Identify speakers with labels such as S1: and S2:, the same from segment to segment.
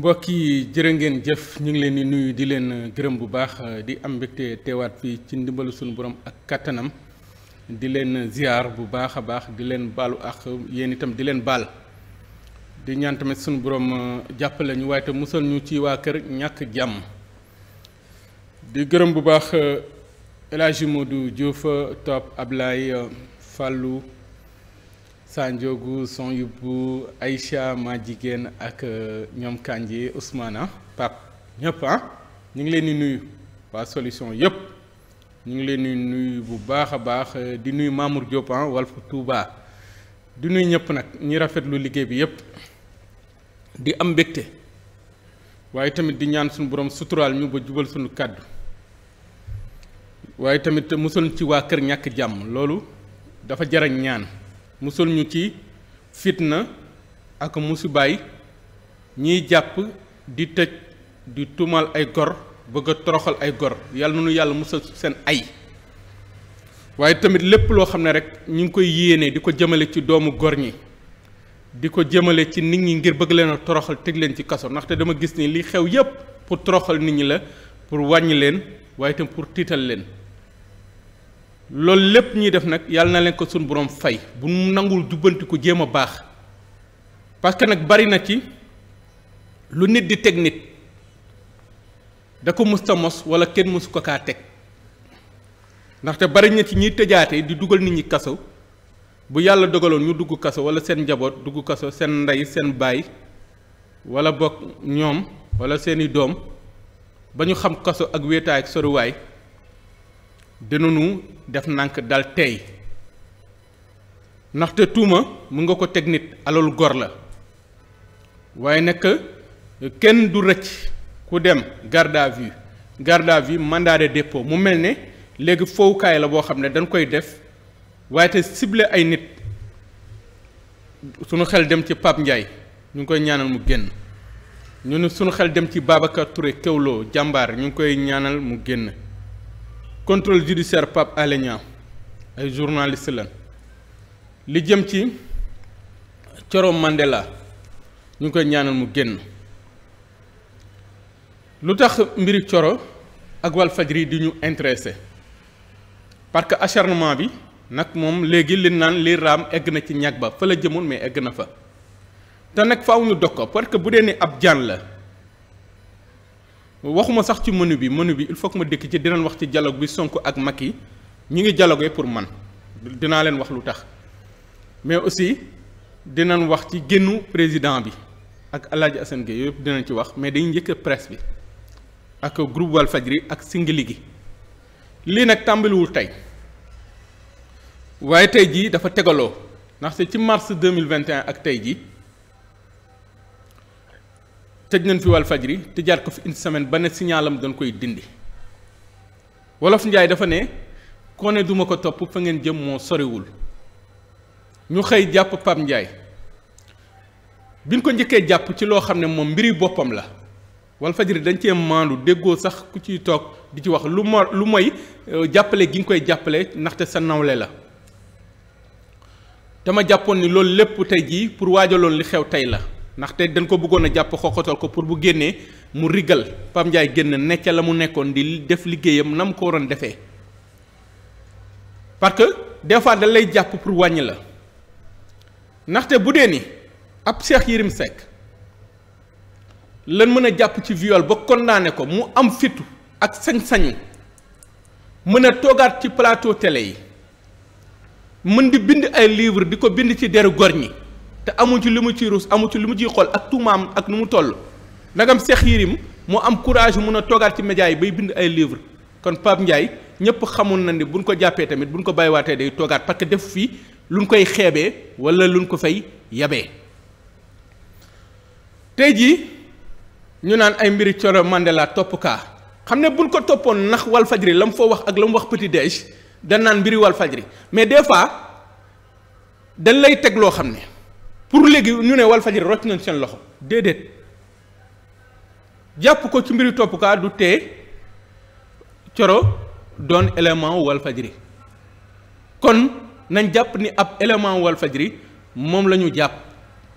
S1: mbokk yi jërë ngeen jëf ñu ngi leen di nuyu di leen gërëm bu baax di am mbégte teewaat fii ci ndimbalu suñu borom ak kattanam di leen ziar bu baax a baax di leen balu ak yéen itam di leen baal di ñaan tamit suñu borom uh, jàppale ñu waaye te musal ñu ci waa kër ñàkk jàmm di gërëm bu baax uh, El Hadji Modou Diouf uh, Top Ablaye Fallou Sanjogu son yubbu Aïcha ma jigéen ak euh, ñoom kànji Ousmane ah, Pape ñëpp ah ñu ngi leen di nuyu waa solution yëpp ñu ngi leen nuyu bu baax a baax euh, di nuyu Mamour Diop ah Walf Touba di nuyu ñëpp nag ñi rafetlu liggéey bi yëpp di am mbégte waaye tamit di ñaan suñu borom suturaal ñu ba jubal suñu kàddu waaye tamit mosul ci waa kër ñàkk jàmm loolu dafa jarañ ñaan. musul ñu ci fitna ak musibaay ñiy jàpp di tëj di tumal ay gor bëgg a toroxal ay gor yàlla na nu yàlla musal seen ay waaye tamit lépp loo xam ne rek ñu ngi koy yéenee di ko jëmale ci doomu gor ñi di ko jëmale ci nit ñi ngir bëgg leen a toroxal teg leen ci kaso ndaxte dama gis ni li xew yépp pour toroxal nit ñi la pour wàññi leen waaye itam pour tiital leen loolu lépp ñuy def nag yàlla na leen ko suñu boroom fay bu mu nangul jubbanti jéem a baax parce que nag bari na ci lu nit di teg nit da ko mës ta mos wala kenn mësu ko kaa teg ndaxte bari na ci ñuy tëjaate di dugal nit ñi kaso bu yàlla dogaloon ñu dugg kaso wala seen njaboot dugg kaso seen ndey seen baay wala bokk ñoom wala seeni doom ba ñu xam kaso ak wéetaay ak soriwaay. nu def nànk dal tey ndaxte tuuma mën nga ko teg nit alalu gor la waaye nag kenn du rëcc ku dem garde à vue garde à vue mandat de dépôt mu mel ne léegi fowukaay la boo xam ne dañ koy def waaye te ciblé ay nit sunu xel dem ci Pape njaay ñu ngi koy ñaanal mu génn ñu ne sunu xel dem ci Babacar ture Kewloo jàmbaar ñu ngi koy ñaanal mu génn contrôle judiciaire Pape Alé Niang ay journaliste lan li jëm ci Coro Mandela ñu ngi koy ñaanal mu génn lu tax mbiri Coro ak Walfadjri di ñu intéressé parce que acharnement bi nag moom léegi li naan li raam egg na ci ñag ba fa la jëmoon mais egg na fa te nag faaw ñu dog ko parce que bu dee ni ab jaan la waxuma sax ci mënu bi mënu bi il faut ma dëkk ci dinañ wax ci dialogue bi Sonko ak yi ñu ngi dialogué pour man dinaa leen wax lu tax mais aussi dinañ wax ci génnu président bi ak El Hadj Assane Gueye yëpp dinañ ci wax mais dañuy njëkk presse bi ak groupe Walfadjri ak singili gi lii nag tàmbaliwul tey waaye tey jii dafa tegaloo ndaxte ci mars deux mille vingt et ak tey jii. tëj nañ fi wal fajri tëjaat ko fi une semaine ba ne signalam dañ koy dindi wolof njaay dafa ne koo ne duma ko topp fa ngeen jëm moo soriwul ñu xëy jàpp Pape Ndiaye biñ ko njëkkee jàpp ci loo xam ne moom mbiri boppam la wal fajri dañ cee maandu déggoo sax ku ciy toog di ci wax lu mo lu mooy euh, jàppale gi nga koy jàppale ndaxte sa nawle la dama jàppoon ni loolu lépp tey jii pour waajaloon li xew tey la ndaxte dañ ko bëggoon a jàpp xoqatal ko pour bu génnee mu rigal pam Ndiaye génn nekk la mu nekkoon di def liggéeyam na mu ko waroon defee parce que des fois dañ lay jàpp pour wàññi la ndaxte bu dee ni ab Cheikh Yérim Seck lan mën a jàpp ci viol ba condamné ko mu am fitu ak sañ-sañu mën a toogaat ci plateau tele yi mën di bind ay livre di ko bind ci deru gor ñi te amu ci lu mu ciy rus amu ci lu mu ciy xool ak tuumaam ak nu mu toll nagam Cheikh Yérim moo am courage mun a toogaat ci média yi bay bind ay livre kon Pape Ndiaye ñëpp xamul na ni buñ ko jàppee tamit bu buñ ko waatee day toogaat parce que fi lu luñ koy xeebee wala luñ ko fay yabee tey jii ñu naan ay mbiri Coro Mandela topp kaa xam ne buñ ko toppoon ndax wal fajri la mu foo wax ak la mu wax petit déj dañ naan mbiri wal fajri mais des fois dañ lay teg loo xam ne pour léegi ñu ne Walfadjri rocc nañ seen loxo déedéet jàpp ko ci mbiri toppukaa du tee coro doon élément wu Walfadjri kon nañ jàpp ni ab élément wu Walfadjri moom la ñu jàpp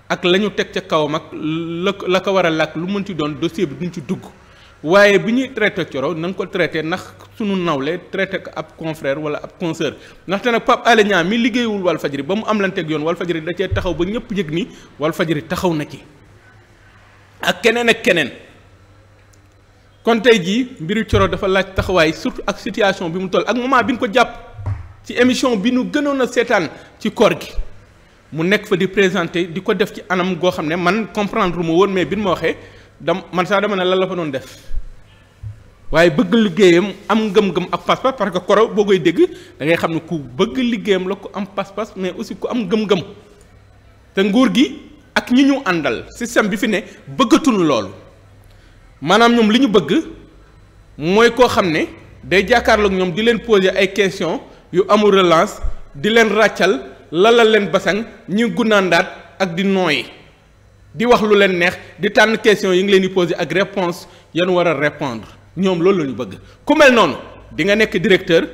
S1: ak lañu teg ca kawam ak la la ko war a làkk lu mën ci doon dossier bi duñ ci dugg waaye bi ñuy traité Thioro na ko traité ndax sunu nawlee traité ko ab confrère wala ab consoeur ndaxte nag Pape Alé Niang mi liggéeyul Walf Fadjri ba mu am lanteeg yoon Walf Fadjri da cee taxaw ba ñëpp yëg ni Walf Fadjri taxaw na ci ak keneen ak keneen kon tey jii mbiru Thioro dafa laaj taxawaay surtout ak situation bi mu toll ak moment bi ñu ko jàpp ci émission bi nu gënoon a seetaan ci koor gi mu nekk fa di présenté di ko def ci anam goo xam ne man comprendre ma woon mais bi ma waxee dam man sax dama ne lan la fa doon def. waaye bëgg liggéeyam am ngëm-ngëm ak pas-pas parce que koro boo koy dégg dangay xam ne ku bëgg liggéeyam la ko am pas-pas mais aussi ku am ngëm-ngëm te nguur gi ak ñi ñu àndal système bi fi ne bëggatul loolu maanaam ñoom li ñu bëgg mooy koo xam ne day jàkkaarloog ñoom di leen poser ay questions yu amul relance di leen ràccal lalal leen basan ñi gunnaandaat ak di nooyi di wax lu leen neex di tànn questions yi ngi leen di poser ak réponse yan war a répondre ñoom loolu la ñu bëgg ku mel noonu di nga nekk directeur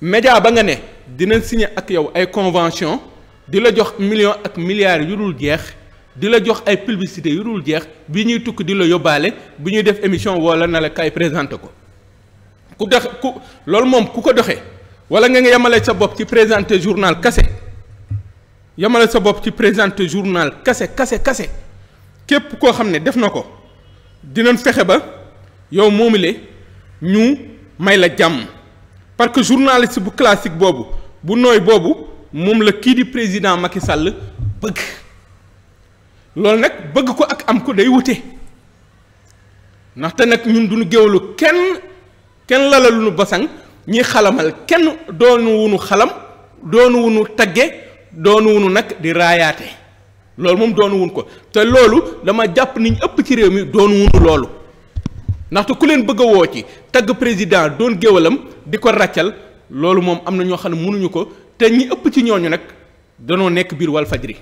S1: média ba nga ne dina signer ak yow ay convention di la jox million ak milliards yu dul jeex di la jox ay publicité yu dul jeex bi ñuy tukk di la yóbbaale bi ñuy def émission wala na la kay présenté ko ku dox ku loolu moom ku ko doxee wala nga nga yemale sa bopp ci présenté journal kase yemale sa bopp ci présenté journal kase kase kase képp koo xam ne def na ko dinañ fexe ba yow moomule ñu may la jàmm parce que journaliste bu classique boobu bu nooy boobu moom la kii di président Macky Sall bëgg loolu nag bëgg ko ak am ko day wute ndaxte nag ñun duñu géwlu kenn kenn lalalu nu basang ñi xalamal kenn doonu wunu xalam doonu wunu tagge doonu wunu nag di raayaate loolu moom doonu wun ko te loolu dama jàpp ni ñu ëpp ci réew mi doonu wunu loolu ndaxte ku leen bëgg a woo ci tagg président doon géwélam di ko ràccal loolu moom am na ñoo xam ne mënuñu ko te ñi ëpp ci ñooñu nag danoo nekk biir wal fajri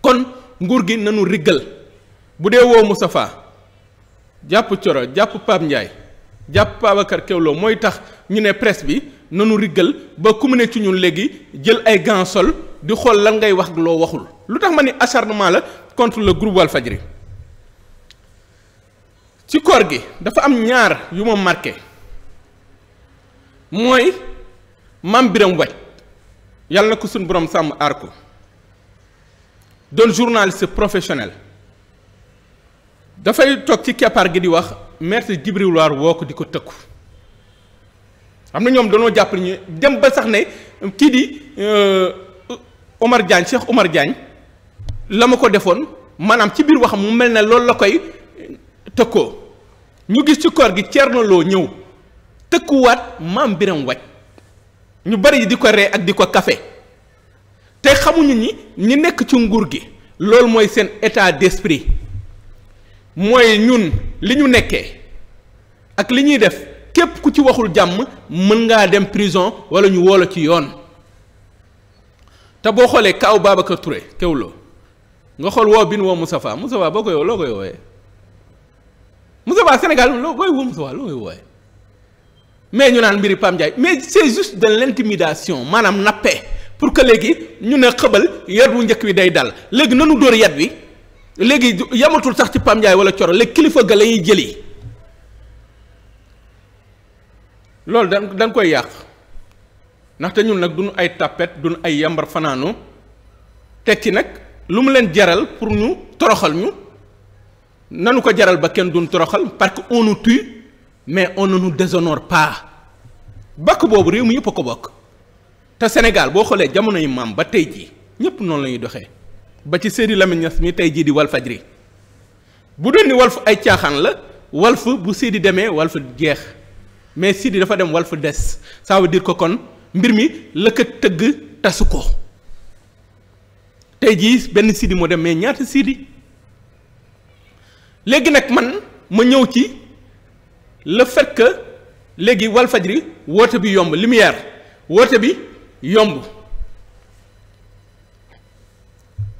S1: kon nguur gi nanu riggal bu dee woo Moustapha jàpp Coro jàpp Pape Ndiaye jàpp Babacar Kewlo mooy tax ñu ne presse bi nanu riggal ba ku mu ne ci ñun léegi jël ay gants sol di xool lan ngay wax loo waxul lu tax ma ni acharnement la contre le groupe ri ci koor gi dafa am ñaar yu ma marke mooy maam biram waj yàlla na ko suñ borom sàmm aar ko doon journaliste professionnel dafay toog ci keppaar gi di wax maître Djibril War woo ko di ko tëkku xam na ñoom dañoo jàpp ñu dem ba sax ne kii di euh, Omar Diagne Cheikh Omar Diagne la ma ko defoon maanaam ci biir waxam mu mel ne loolu la koy tëkkoo ñu gis ci kor gi Thierno Lo ñëw tëkkuwaat maam Biram Wathie ñu bari di ko ree ak di ko kafe te xamuñu ni ñi nekk ci nguur gi loolu mooy seen état d'esprit mooy ñun li ñu nekkee ak li ñuy def képp ku ci waxul jàmm mën ngaa dem prison wala ñu woola ci yoon te boo xoolee kaaw Babacar kewloo nga xool woo bin woo Moustapha Moustapha boo koy woo loo koy woowee boobaa Sénégal loo koy wum si waa lu muy mais ñu naan mbiri Pam Ndiaye mais c'est juste de l'intimidation maanaam nappee pour que léegi ñu ne xëbal yat wu njëkk wi day dal léegi nanu dóor yat wi léegi yamatul sax ci Pam Ndiaye wala coro léegi kilifa ga la ñuy jëli loolu da dañ koy yàq ndaxte ñun nag duñu ay tàppet duñu ay yambar fanaanu ci nag lu mu leen jaral pour ñu toroxal ñu nanu ko jaral ba kenn duñ toroxal parce que on nous mais on ne nous déshonore bakk boobu réew mi yëpp a ko bokk te Sénégal boo xoolee jamono yi maam ba tey jii ñëpp noonu lañuy doxe ba ci Seydi Lamine Niass mi tey jii di ri bu doon Walf ay caaxaan la Walf bu Seydi demee Walf jeex mais Seydi dafa dem Walf des ça veut dire kon mbir mi la tëgg tasu ko tey jii benn Seydi moo dem mais ñaata Seydi. léegi nag man ma ñëw ci le fait que léegi Walfadjri woote bi yomb lumière woote bi yomb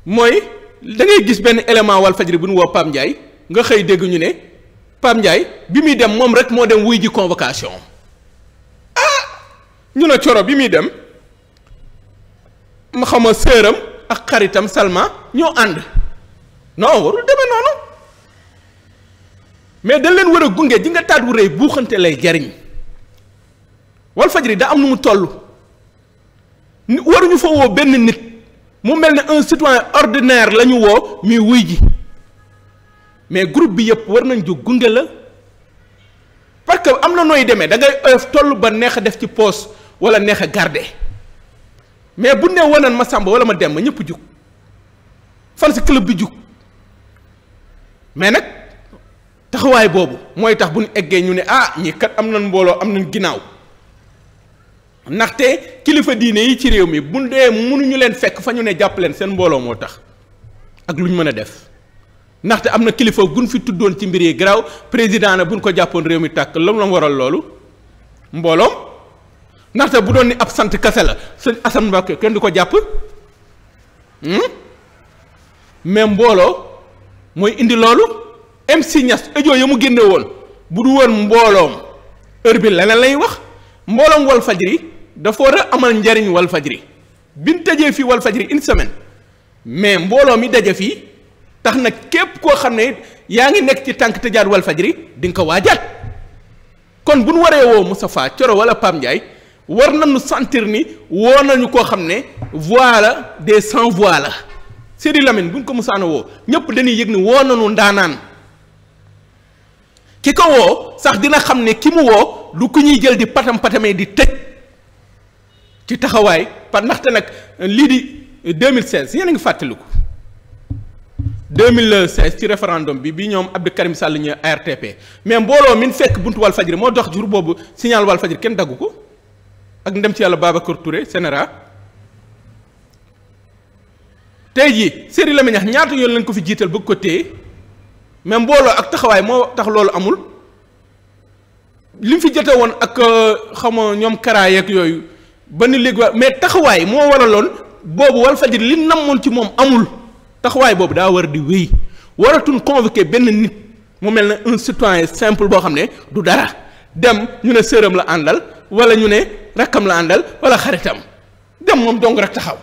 S1: mooy da ngay gis benn élément Walfadjri bu ñu woo Pape Ndiaye nga xëy dégg ñu ne Pape Ndiaye bi muy dem moom rek moo dem wuy ji convocation ah ñu ne coro bi muy dem ma xama séeram ak xaritam Salma ñoo ànd non warul demee noonu mais dañ leen war a gunge ji nga taat wu rëy buuxante lay jariñ Walfadjri da am nu mu toll waruñu fa woo benn nit mu mel ne un citoyen ordinaire la ñu woo muy wuy ji mais groupe bi yëpp war nañ jug gunge la parce que am na nooy demee da ngay oyof toll ba neex a def ci poos wala neex a garder mais bu ne wonan ma sàmba wala ma dem ma ñëpp jug fan si club bi jug mais nag taxawaay boobu mooy tax bu ñu eggee ñu ne ah ñii kat am na mbooloo am nañ ginnaaw ndaxte kilifa diine yi ci réew mi bu dee mënuñu leen fekk fa ñu ne jàpp leen seen mbooloo moo tax ak lu ñu mën a def ndaxte am na kilifa gun fi tuddoon ci mbir yi garaaw président la buñ ko jàppoon réew mi tàkk lam la waral loolu mbooloom ndaxte bu doon ni ab sant kase la sëñ Assane Mbacke kenn du ko jàpp hmm? mais mbooloo mooy indi loolu. MC Niass audio ya mu génne woon bu du woon mbooloom heure bi leneen lay wax mbooloom wal fajri dafa war a amal njariñ wal fajri biñ dajee fii wal fajri une semaine mais mbooloo mi daje fii tax na képp koo xam ne yaa ngi nekk ci tànk tëjaat wal fajri di nga ko waajaat kon bu nu waree woo Moustapha Thioro wala Pape Ndiaye war nañu sentir ni woo nañu koo xam ne voix la des sans voix la Sidi Lamine bu ñu ko musaana woo ñëpp dañuy yëg ni woo nañu ndaanaan. ki ko woo sax dina xam ne ki mu woo lu ku ñuy jël di patam patamee di tëj ci taxawaay par ndaxte nag euh, lii di 2016 euh, yéen a ngi fàttaliku 2016 ci référendum bi bi ñoom Abdou Karim Sall ñu ARTP mais mbooloo min fekk buntu wal fajri moo dox jur boobu signal wal fajri kenn daggu ko ak ndem ci yàlla Babacar Touré sénéra tey jii Serigne Lamine Niass ñaata yoon lañ ko fi jiital bëgg ko téye. mais mbooloo ak taxawaay moo tax loolu amul li mu fi jote woon ak euh, xam ñoom karaay ak yooyu ba ni léegi mais taxawaay moo waraloon boobu wal fajiri li namoon ci moom amul taxawaay boobu daa war di wéy waratuñ convoqué benn nit mu mel ne un citoyen simple boo xam ne du dara dem ñu ne sëram la àndal wala ñu ne rakkam la àndal wala xaritam dem moom dong rek taxaw.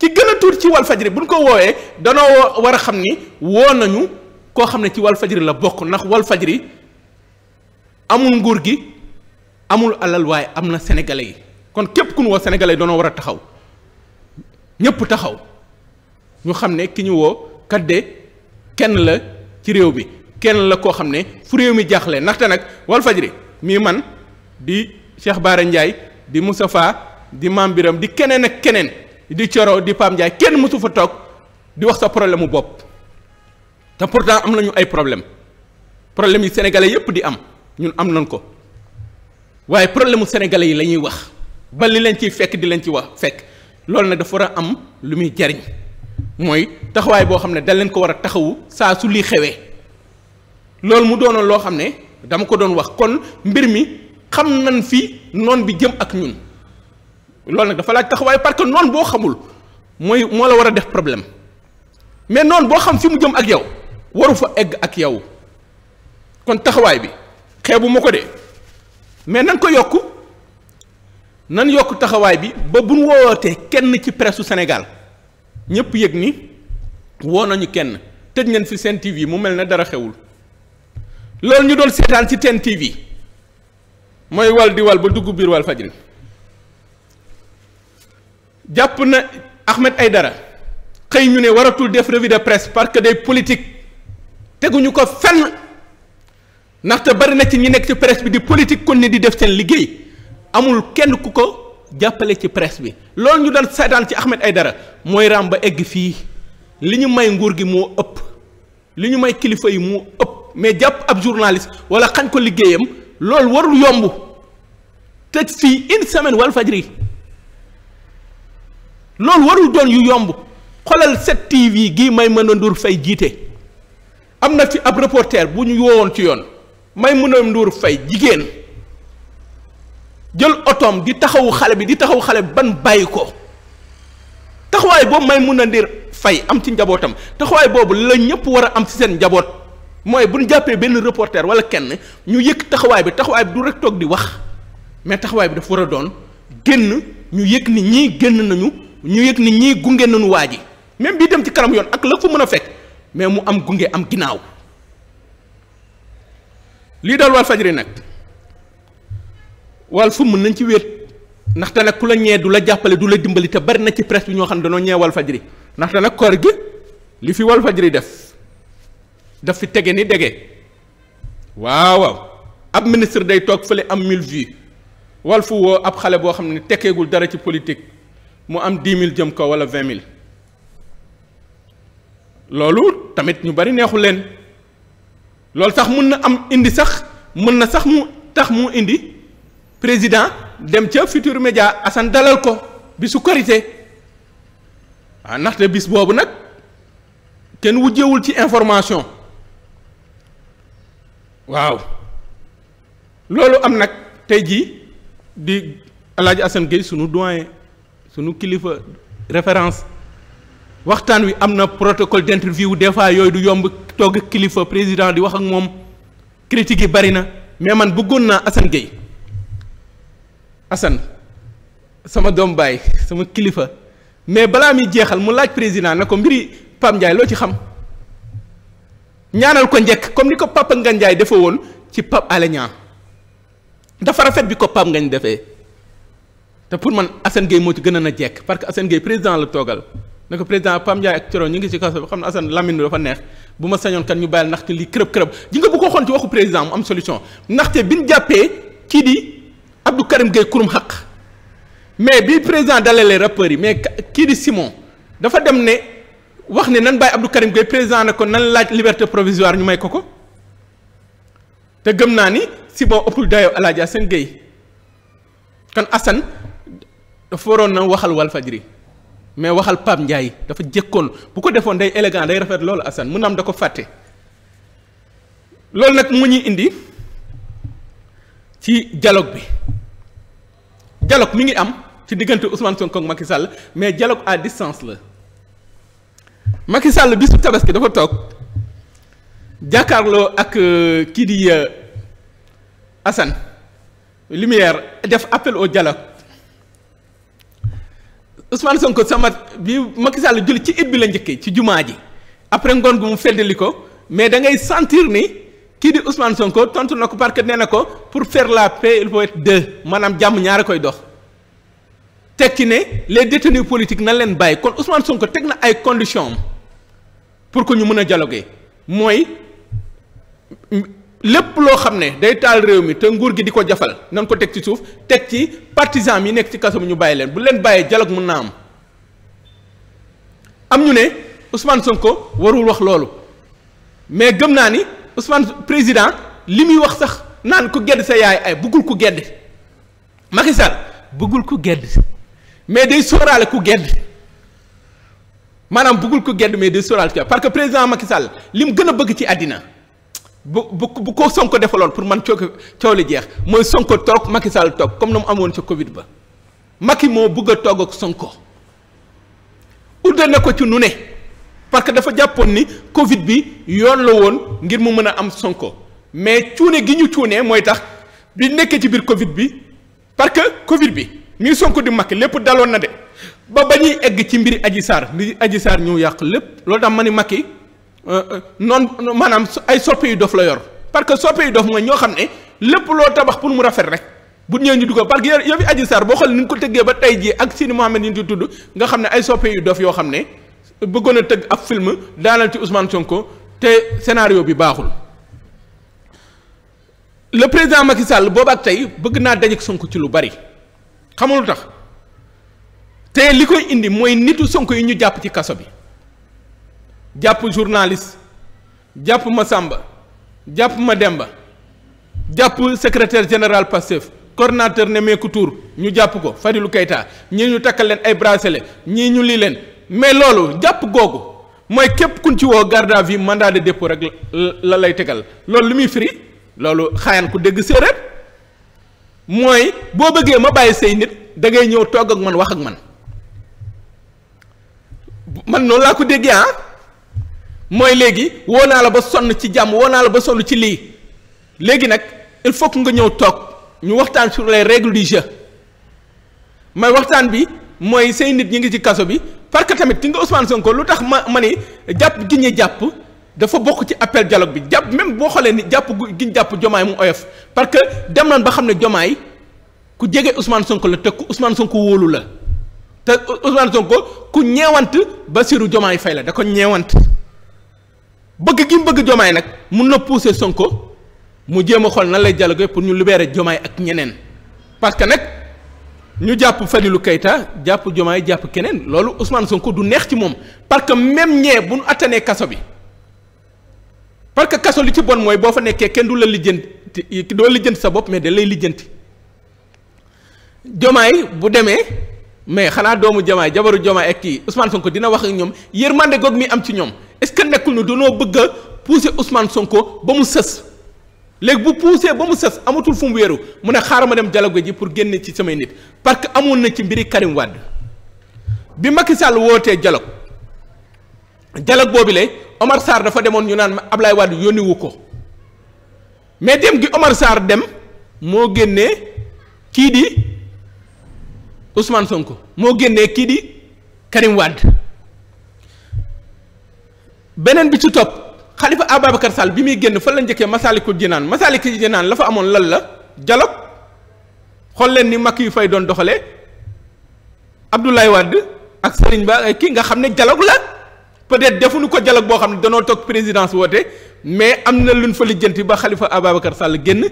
S1: ki gën tuuti ci wal fajri bu ñu ko woowee danoo war a xam ni woo nañu koo xam ne ci wal fajri la bokk ndax wal fajri amul nguur gi amul alal waaye am na sénégalais yi kon képp ku ñu woo sénégalais danoo war a taxaw ñépp taxaw ñu xam ne ki ñu woo kat kenn la ci réew bi kenn la koo xam ne fu réew mi jaaxle ndaxte nag wal fajri mii man di Cheikh Baara Ndiaye di musafaa di Mame Biram di keneen ak keneen. di Coro di Pam Ndiaye kenn mësu fa toog di wax sa problème mu bopp te pourtant am nañu ay problème problème yi sénégalais yëpp di am ñun am nañ ko waaye problème mu sénégalais yi lañuy wax ba li leen ciy fekk di leen ci wax fekk loolu nag dafa war a am lu muy jariñ mooy taxawaay boo xam ne dal leen ko war a taxawu saa su lii xewee loolu mu doonoon loo xam ne dama ko doon wax kon mbir mi xam nañ fi noon bi jëm ak ñun. loolu nag dafa laaj taxawaay parce que noonu boo xamul mooy moo la war a def problème mais noonu boo xam fi mu jëm ak yow waru fa egg ak yow kon taxawaay bi xeebu ma ko de mais nan ko yokk nan yokk taxawaay bi ba bu nu kenn ci presse su Sénégal ñëpp yëg ni woo nañu kenn tëj nañ fi seen TV mu mel ne dara xewul loolu ñu doon seetaan ci seen TV mooy wal di wal ba dugg biir wal fajri jàpp na Ahmed dara xëy ñu ne waratul def revue de presse parce que day politique teguñu ko fenn ndaxte bari na ci ñi nekk ci presse bi di politique kon ne di def seen liggéey amul kenn ku ko jàppale ci presse bi loolu ñu doon seetaan ci Ahmed dara mooy raam ba egg fii li ñu may nguur gi moo ëpp li ñu may kilifa yi moo ëpp mais jàpp ab journaliste wala xañ ko liggéeyam loolu warul yomb tëj fii une semaine Walfadjri loolu warul doon yu yomb xolal 7TV gii may mën a nduur fay jiite am na fi ab reporter bu ñu woowoon ci yoon may mën a ndur fay jigéen jël otoom di taxawu xale bi di taxawu xale bi ban bàyyi ko taxawaay boobu may mun a ndir fay am ci njabootam taxawaay boobu la ñëpp war a am ci seen njaboot mooy bu ñu jàppee benn reporter wala kenn ñu yëkk taxawaay bi taxawaay bi du rek toog di wax mais taxawaay bi dafa war a doon génn ñu yëg ni ñii génn nañu. ñu yëg nit ñii gunge nañu waa ji même bii dem ci kanam yoon ak la fu mën a fekk mais mu am gunge am ginnaaw lii daal wal fajri nag wal fu mën nañ ci wéet ndaxte nag ku la ñee du la jàppale du la dimbali te bari na ci presse bi ñoo xam ne dañoo ñee wal fajri ndaxte nag koor gi li fi wal fajri def daf fi tege ni dege waaw waaw ab ministre day toog fële am mille vues wal fu woo ab xale boo xam ne tekkeegul dara ci politique mu am dix mille jëm ko wala vingt mille loolu tamit ñu bari neexu leen loolu sax mun na am indi sax mën na sax mu tax mu indi président dem ca Futurs Médias Assane dalal ko su Korité waaw ah, ndaxte bis boobu nag kenn wujjewul ci information waaw loolu am nag tey jii di El Hadj Assane sunu doyen. sunu kilifa référence waxtaan wi am na protocole d'interview des fois yooyu du yomb toog kilifa président di wax ak moom critiques gi bari na mais man bëggoon naa Assane Gueye Assane sama doom baay sama kilifa mais balaa muy jeexal mu laaj président na ko mbiri Pape Ndiaye loo ci xam ñaanal ko njekk comme ni ko Papa Ngagne Ndiaye defee woon ci Pape Alé dafa rafet bi ko Pape Ngagne defee. te pour man Assane Gueye moo ci gën a na jekk parce que Assane Gueye président la toogal ne ko président Pam Ndiaye ak Thioro ñu ngi ci kaso bi xam ne Assane Lamine dafa neex bu ma sañoon kan ñu bàyyil ndaxte bi ñu jàppee kii di Abdou Karim Gueye kurum xaq mais bi président dalalee rappeurs yi mais kii di Simon dafa dem ne wax ne nan bàyyi Abdou Karim Gueye président ne ko nan laaj liberté provisoire ñu may ko ko te gëm naa ni Simon ëppul dayoo El Hadj Assane Gueye kon Assane dafa waroon na waxal Walfadjri mais waxal Pape Ndiaye dafa jëkkoon bu ko defoon day élégant day rafet loolu Assane mu naam da ko fàtte loolu nag mu ñuy indi ci dialogue bi dialogue mi ngi am ci diggante Ousmane Sonko ak Macky Sall mais dialogue à distance la Macky Sall bisu tabaski dafa toog jàkkaarloo ak euh, kii di euh, Assane lumière def appel o dialogue Ousmane Sonko sama bi Macky Sall julli ci it bi la njëkkee ci jumaa ji après ngoon gu mu feddali ko mais da ngay sentir ni kii di Ousmane Sonko tontu na ko parce que nee na ko pour faire la paix il faut être deux maanaam jàmm ñaara koy dox tekki ne les détenus politiques na leen bàyyi kon Ousmane Sonko teg na ay conditions pour que ñu mën a dialoguer mooy. lépp loo xam ne day taal réew mi te nguur gi di ko jafal nan ko teg ci suuf teg ci partisan bi nekk ci kaso bu ñu bàyyi leen bu leen bàyyi dialogue mën naa am am ñu ne Ousmane ko warul wax loolu mais gëm naa ni Ousmane président li muy wax sax naan ku gedd sa yaay ay bëggul ku gedd Macky bëggul ku gedd mais day sóoraale ku gedd maanaam bëggul ku gedd mais day sóoraale ku parce que président Macky Sall li mu gën a bëgg ci àddina bu bu bu ko Sonko defaloon pour man coo coow li jeex mooy Sonko toog Macky Sall toog comme na mu amoon ca Covid ba Macky moo bëgg a toog Sonko udda na ko ci nu ne parce que dafa jàppoon ni Covid bi yoon la woon ngir mu mën a am Sonko mais cuune gi ñu cuunee mooy tax bi nekkee ci biir Covid bi parce que Covid bi mii Sonko di Macky lépp daloon na de ba ba ñuy egg ci mbiri Adji Sarr mbiri Adji Sarr ñu yàq lépp loo tax ma ni Macky Euh, euh, noonu maanaam ay soppe yu doof la yor parce que soppe yu dof mooy ñoo xam ne lépp loo tabax pour mu rafet rek bu ñëwee ñu dugal parce que yow fi Adji Sarr boo xool ni ñu ko tëggee ba tey jii ak Sidi Mohamed yi tudd nga xam ne ay soppe yu dof yoo xam ne bëggoon a tëgg ab film daanal ci Ousmane Sonko te scénario bi baaxul le président Macky Sall booba ak tey bëgg naa dajeek Sonko ci lu bari xamul tax te li koy indi mooy nitu Sonko yi ñu jàpp ci kaso bi. jàpp journaliste jàpp ma sàmba jàpp ma Demba jàpp secretaire général Pastef coordonnateur Nemmeeku tuur ñu jàpp ko Fadilou Keita ñii ñu takkal leen ay bracelet ñii ñu lii leen mais loolu jàpp googu mooy képp kun ci woo garde à vue mandat de dépôt rek la lay tegal loolu lu muy firi loolu xaayaan ku dégg séeréer mooy boo bëggee ma bàyyi say nit da ngay ñëw togg ak man wax ak man man noonu laa ko dégg ah. mooy léegi woo naa la ba sonn ci jàmm woo naa la ba sonn ci lii léegi nag il faut que nga ñëw toog ñu waxtaan su les règles du jeu may waxtaan bi mooy say nit ñi ngi ci kaso bi parce que tamit ki nga Ousmane Sonko lu tax ma ma ni jàpp gi ñu jàpp dafa bokk ci appel dialogue bi jàpp même boo xoolee ni jàpp gi jàpp jomaay mu oyof parce que dem nañ ba xam ne jomaay ku jege Ousmane sonk la te ku Ousmane Sonko wóolu la te Ousmane Sonko ku ñeewant Bassirou Jomaay Fay la da ko ñeewant. bëgg gi mu bëgg jomaay nag mun na pousser Sonko mu jéem a xool nan lay dialoguer pour ñu libérer jomaay ak ñeneen parce que nag ñu jàpp Fadilou Keita jàpp jomaay jàpp keneen loolu Ousmane Sonko du neex ci moom parce que même ñee bu ñu attanee kaso bi parce que kaso li ci bon mooy boo fa nekkee kenn du la lijjanti doo lijjanti sa bopp mais da lay lijjanti jomaay bu demee mais xanaa doomu jomaay jabaru jomaay ak kii Ousmane Sonko dina wax ak ñoom yërmande goog mi am ci ñoom. est-ce que nekkul ne danoo bëgg a pousser Ousmane Sonko ba mu sës léegi bu poussé ba mu sës amatul fu mu wéeru mu ne xaaral ma dem dialogue ji pour génne ci samay nit parce que amoon na ci mbiri Karim Wade bi Macky Sall wootee dialogue dialogue boobu le Omar Sarr dafa demoon ñu naan Ablaye Wade yónni wu ko mais dem gi Omar Sarr dem moo génne kii di usmaan Sonko moo génnee kii di Karim Wade. beneen bi ci topp xalifa Ababacar Sall bi muy génn fa la njëkkee Masaalikul Jinaan Masaalikul Jinaan la fa amoon lan la dialogue xool leen ni yu fay doon doxalee Abdoulaye Wade ak Serigne Ba ay kii nga xam ne dialogue la peut-être defuñu ko dialogue boo xam ne danoo toog présidence woote mais am na luñ fa lijjanti ba xalifa Ababacar Sall génn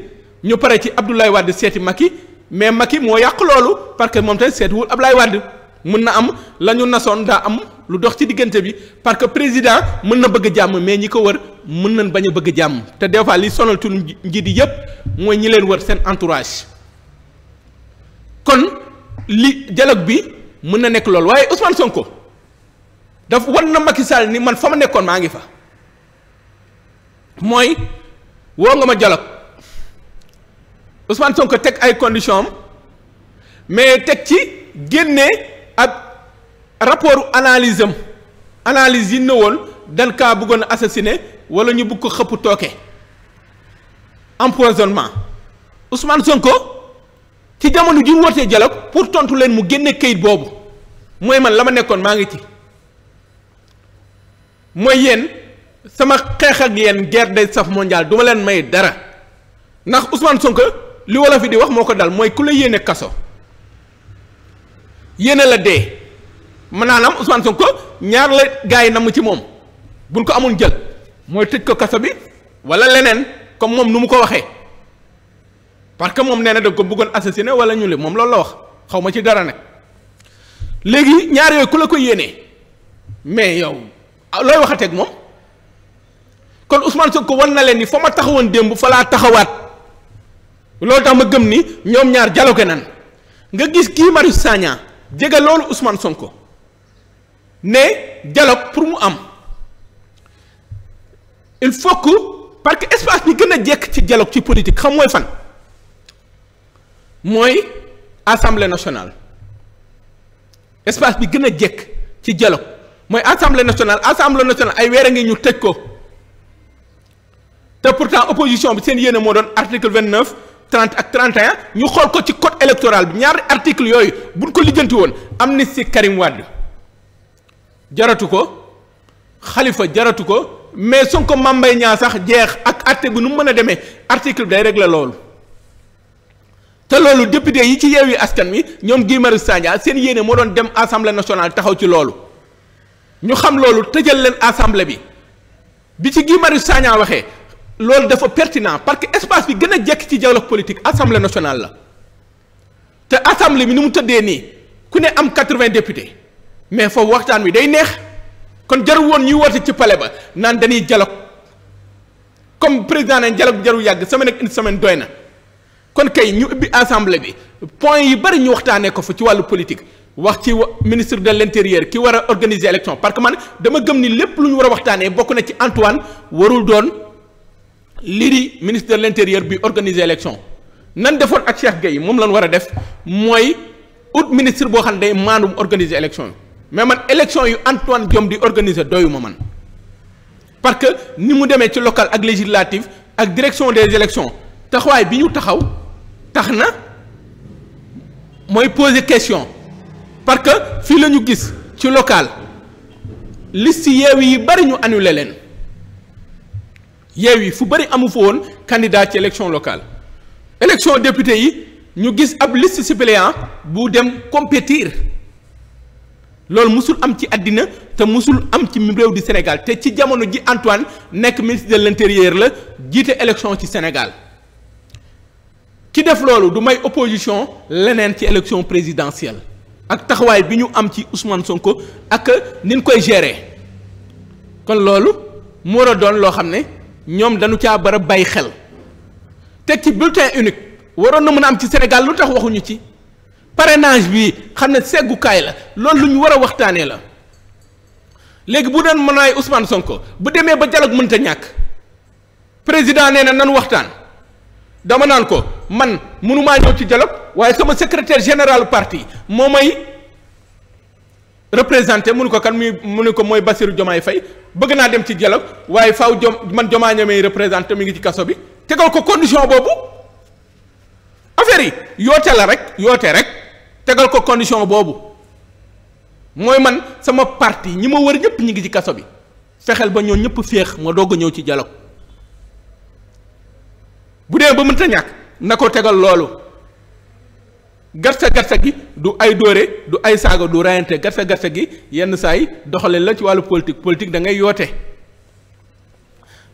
S1: ñu pare ci Abdoulaye Wade seeti Macky mais Macky moo yàq loolu parce que moom tamit ab laay Wade. mën na am la nasoon daa am lu dox ci diggante bi parce que président mën na bëgg jàmm mais ñi ko wër mën nañ bañ a bëgg jàmm te des fois li sonal tunu njiit yi yépp mooy ñi leen wër seen entourage kon li dialogue bi mën na nekk loolu waaye Ousmane Sonko daf wan na Macky Sall ni man fa ma nekkoon maa ngi fa mooy woo nga ma dialogue Ousmane Sonko teg ay condition am mais teg ci génne. rapport analyse am analyse yi ne woon dañ kaa bëggoon a assassiné wala ñu bugg ko xëpp tooke empoisonnement Ousmane Sonko ci jamono ji wootee dialogue pour tontu leen mu génne kayit boobu mooy man la ma nekkoon maa ngi ci mooy yéen sama xeex ak yéen guerre saf mondial duma leen may dara ndax Ousmane Sonko li wolof yi di wax moo ko dal mooy ku la yéene kaso yéene la dee. naa maanaam Ousmane Sonko ñaar la gars yi namm ci moom buñ ko amul jël mooy tëj ko kaso bi wala leneen comme moom nu mu ko waxee parce que moom nee na da ko bëggoon assassiné wala ñu li moom loolu la wax xaw ma ci dara nag léegi ñaar yooyu ku la ko yéene mais yow ah, looy waxateeg moom kon Ousmane ko wan na leen ni fa ma taxawoon démb fa laa taxawaat loolu tax ma gëm ni ñoom ñaar dialogué nan nga gis kii Marius Sagna jege loolu Ousmane ko ne dialogue pour mu am il faut que parce que espace bi gën a jekk ci dialogue ci politique xam mooy fan mooy assemblée nationale espace bi gën a jekk ci dialogue mooy assemblée nationale assemblée nationale ay weer a ngi ñu tëj ko te pourtant opposition bi seen yéene moo doon article vingt neuf trente ak trente un ñu xool ko ci code électoral bi ñaari article yooyu buñ ko lijjanti woon si Karim Wade. jaratu ko xalifa jaratu ko mais Sonko ko Mbaye ñaa sax jeex ak atte bu nu mën a demee article bi day régler loolu te loolu député yi ci Yewwi Askan Wi ñoom Guy Marius Sagna seen yéene moo doon dem assemblée nationale taxaw ci loolu ñu xam loolu tëjal leen assemblée bi bi ci Guy Marius Sagna waxee loolu dafa pertinant parce que espace bi gën a jekk ci dialogue politique assemblée nationale la te assemblée bi ni mu tëddee nii ku ne am 80 députés. mais foofu waxtaan wi day neex kon jaru woon ñuy woote ci pale ba naan dañuy dialogue comme président nañ dialogue jaru yàgg semaine ak une semaine doy na kon kay ñu ubbi assemblée bi point yi bëri ñu waxtaanee ko fa ci wàllu politique wax ci ministre de l' intérieur ki war a organiser élection parce que man dama gëm ni lépp lu ñu war a waxtaanee bokk na ci Antoine warul doon lii di ministre de l' intérieur bi organiser élection nan defoon ak Cheikh Gueye moom lañ war a def mooy ut ministre boo xam ne day maandum organiser élection mais man élection yu Antoine Diome di organiser doyuma man parce que ni mu demee ci local ak législative ak direction des élections taxawaay bi ñu taxaw tax na mooy poser question parce que fii la ñu gis ci local liste yeew yi bëri ñu annulé leen yeew yi fu bëri amu fa woon candidat ci élection locale élection député yi ñu gis ab liste suppléant bu dem compétir loolu musul am ci àddina te mosul am ci réew di Sénégal te ci jamono ji Antoine nekk ministre de l'intérieur la jiite élection ci Sénégal ki def loolu du may opposition leneen ci élection présidentielle ak taxawaay bi ñu am ci Ousmane Sonko ak nin koy gérer kon loolu mu war a doon loo xam ne ñoom dañu caa bara bàyyi xel teg ci bulletin unique waroon na mën a am ci Sénégal lu tax waxuñu ci parrainage bi xam ne seggukaay la loolu lu ñu war a waxtaanee la léegi bu doon mën aay Ousmane Sonko bu demee ba dialogue mënta ñàkk président nee na nan waxtaan dama naan ko man mënumaa ñëw ci dialogue waaye sama secrétaire général partie moo may représenté mënu ko kan mu ne ko mooy Bassirou Diomaye fay bëgg naa dem ci dialogue waaye faw jom man Diomaye ñamey représenté mi ngi ci kaso bi tegal ko condition boobu affaire yi yoote la rek yoote rek tegal ko condition boobu mooy man sama parti ñi ma wër ñëpp ñi ngi ci kaso bi fexeel ba ñoo ñëpp féex ma doog a ñëw ci dialogue bu dee ba mënta ñàkk na ko tegal loolu garsa garsa gi du ay dóore du ay saaga du rayante garsa garsa gi yenn saay yi doxale la ci wàllu politique politique dangay ngay yoote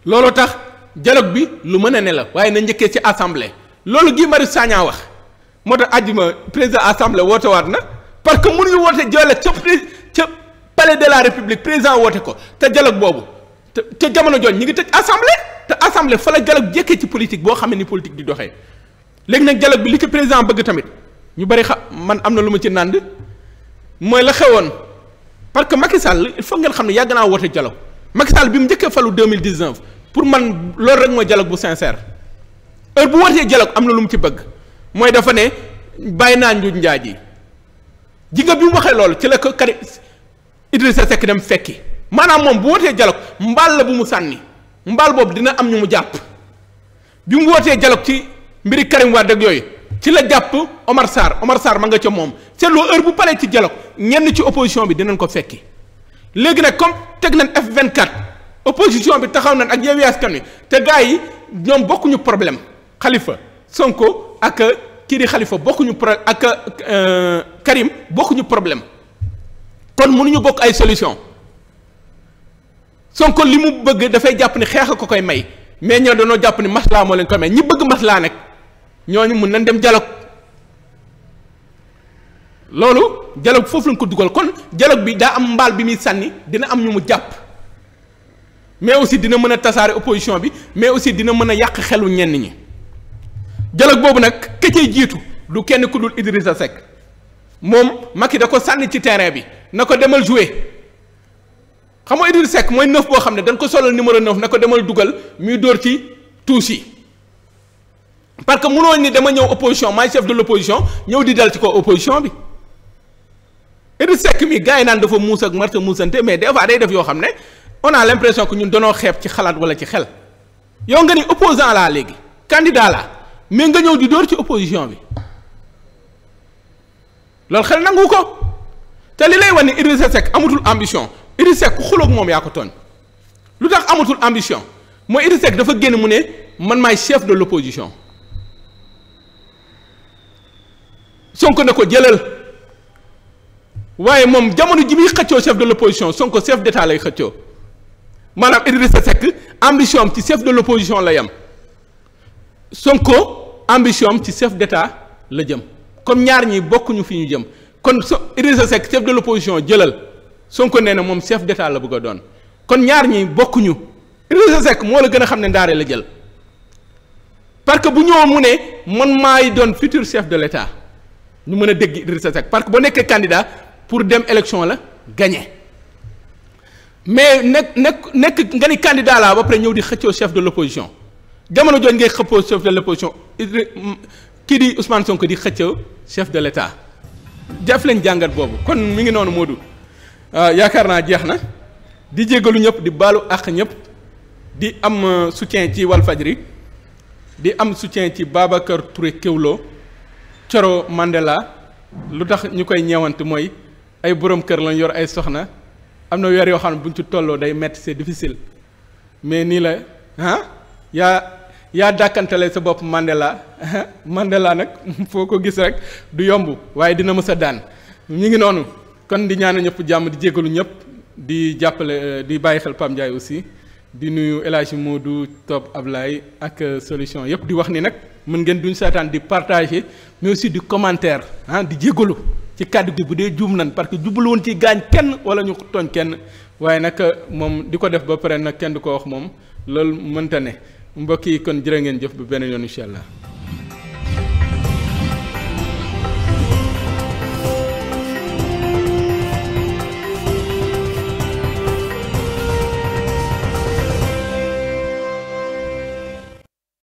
S1: loolu tax dialogue bi lu mën a ne la waaye na njëkkee ci assemblée loolu Guy Marius Sagna wax moo tax àjjuma président assemblée woote waat na parce que mënuñu woote dialogue ca ca palais de la république président woote ko te dialogue boobu te ca jamono jooju ñu ngi tëj assemblée te assemblée fa la dialogue jekkee ci politique boo xamee ni politique di doxee léegi nag dialogue bi li ko président bëgg tamit ñu bari xa man am na lu ma ci nand mooy la xewoon parce que Macky Sall il faut ngeen xam ne yàgg naa woote dialogue Macky Sall bi mu njëkkee falu 2019 pour man loolu rek mooy dialogue bu sincère heure bu wootee dialogue am na lu mu ci bëgg. mooy dafa ne bàyyi naa njuuj njaaj yi ji nga bi mu waxee loolu ci la ko Karim Idrissa Seck dem fekki maanaam moom bu wootee dialogue mbaal la bu mu sànni mbaal boobu dina am ñu mu jàpp bi mu wootee dialogue ci mbiri Karim Wade ak yooyu ci la jàpp Omar Sarr Omar saar ma nga ca moom seetloo heure bu paree ci dialogue ñenn ci opposition bi dinañ ko fekki léegi nag comme teg nañ F24 opposition bi taxaw nañ ak Yewwi Askan Wi te gars yi ñoom bokkuñu problème Khalifa Sonko. ak kii di Khalifa bokkuñu pro ak euh, Karim bokkuñu problème kon mënuñu bokk ay solution Sonko li mu bëgg dafay jàpp ni xeex a ko koy may mais ñoo dañoo jàpp ni maslaa moo leen koy may ñi bëgg maslaa nag ñooñu mun nañ dem dialogue loolu dialogue foofu lañ ko dugal kon dialogue bi daa am mbaal bi muy sànni dina am ñu mu jàpp mais aussi dina mën a tasaare opposition bi mais aussi dina mën a yàq xelu ñenn ñi. dialogue boobu nag ka jiitu du kenn ku dul Idrissa Seck moom Macky da ko sànni ci terrain bi na ko demal jouer xam nga Idrissa Seck mooy neuf boo xam ne dañ ko solal numéro neuf na ko demal dugal muy dóor ci tuus yi parce que mënoo ni dama ñëw opposition maay chef de l'opposition ñëw di dal ci ko opposition bi Idrissa Seck mi gars yi naan dafa muus ak marta muusante mais des fois day def yoo xam ne on a l'impression ko ñun danoo xeeb ci xalaat wala ci xel yow nga ni opposant laa léegi candidat mais nga ñëw di dóor ci opposition bi loolu xel nangu ko te li lay wan ni sa Seck amatul ambition Idrissa Seck ku moom yaa ko tooñ lu tax amatul ambition mooy Idrissa Seck dafa génn mu ne man maay chef de l'opposition Sonko ne ko jëlal waaye moom jamono ji muy xëccoo chef de l'opposition Sonko chef d'état lay xëccoo maanaam sa Seck ambition am ci chef de l'opposition la yem Sonko ambition ci chef d'état la jëm comme ñaar ñi bokkuñu fi ñu jëm kon so Idrissa Seck chef de l'opposition jëlal Sonko nee na moom chef d'état la bëgg a doon kon ñaar ñi bokkuñu Idrissa Seck moo la gën a xam ne ndaare la jël parce que bu ñëwoon mu ne man maay doon futur chef de l'état nu mën a dégg Idrissa Seck parce que boo nekkee candidat pour dem élection la gagné mais nekk nekk nekk nga ni candidat laa ba pare ñëw di xëccoo chef de l'opposition jamono jooju ngay xëppoo chef de l'opposition mm, kii di Ousmane sonk di xëccëw chef de l'État jaf lañ jàngat boobu kon mi ngi noonu Modou ah, yaakaar naa jeex na di jéggalu ñëpp di baalu àq ñëpp di am euh, soutien ci Walfadjri di am soutien ci Babacar Touré kéwloo Coro Mandela lu tax ñu koy ñeewant mooy ay borom kër lañu yor ay soxna am na weer yoo xam ne buñ ci tolloo day metti c'est difficile mais nii la ah. yaa yaa dàkkantale sa bopp Mandela Mandela nag foo ko gis rek du yomb waaye dina mës a daan ñu ngi noonu kon di ñaanal ñëpp jàmm di jégalu ñëpp di jàppale euh, di bàyyi xel Pam Ndiaye aussi di nuyu El Hadj Modou Top lay ak euh, solution yëpp di wax ni nag mën ngeen duñ seetaan di partager mais aussi di commentaire ah di jégalu ci kàddu gi bu dee juum nañ parce que jublu ci gaañ kenn wala ñu tooñ kenn waaye nag euh, moom di ko def ba pare nag kenn du ko wax moom loolu mënta ne. mbokk yi kon jërë ngeen jëf bu beneen yoon incha allah.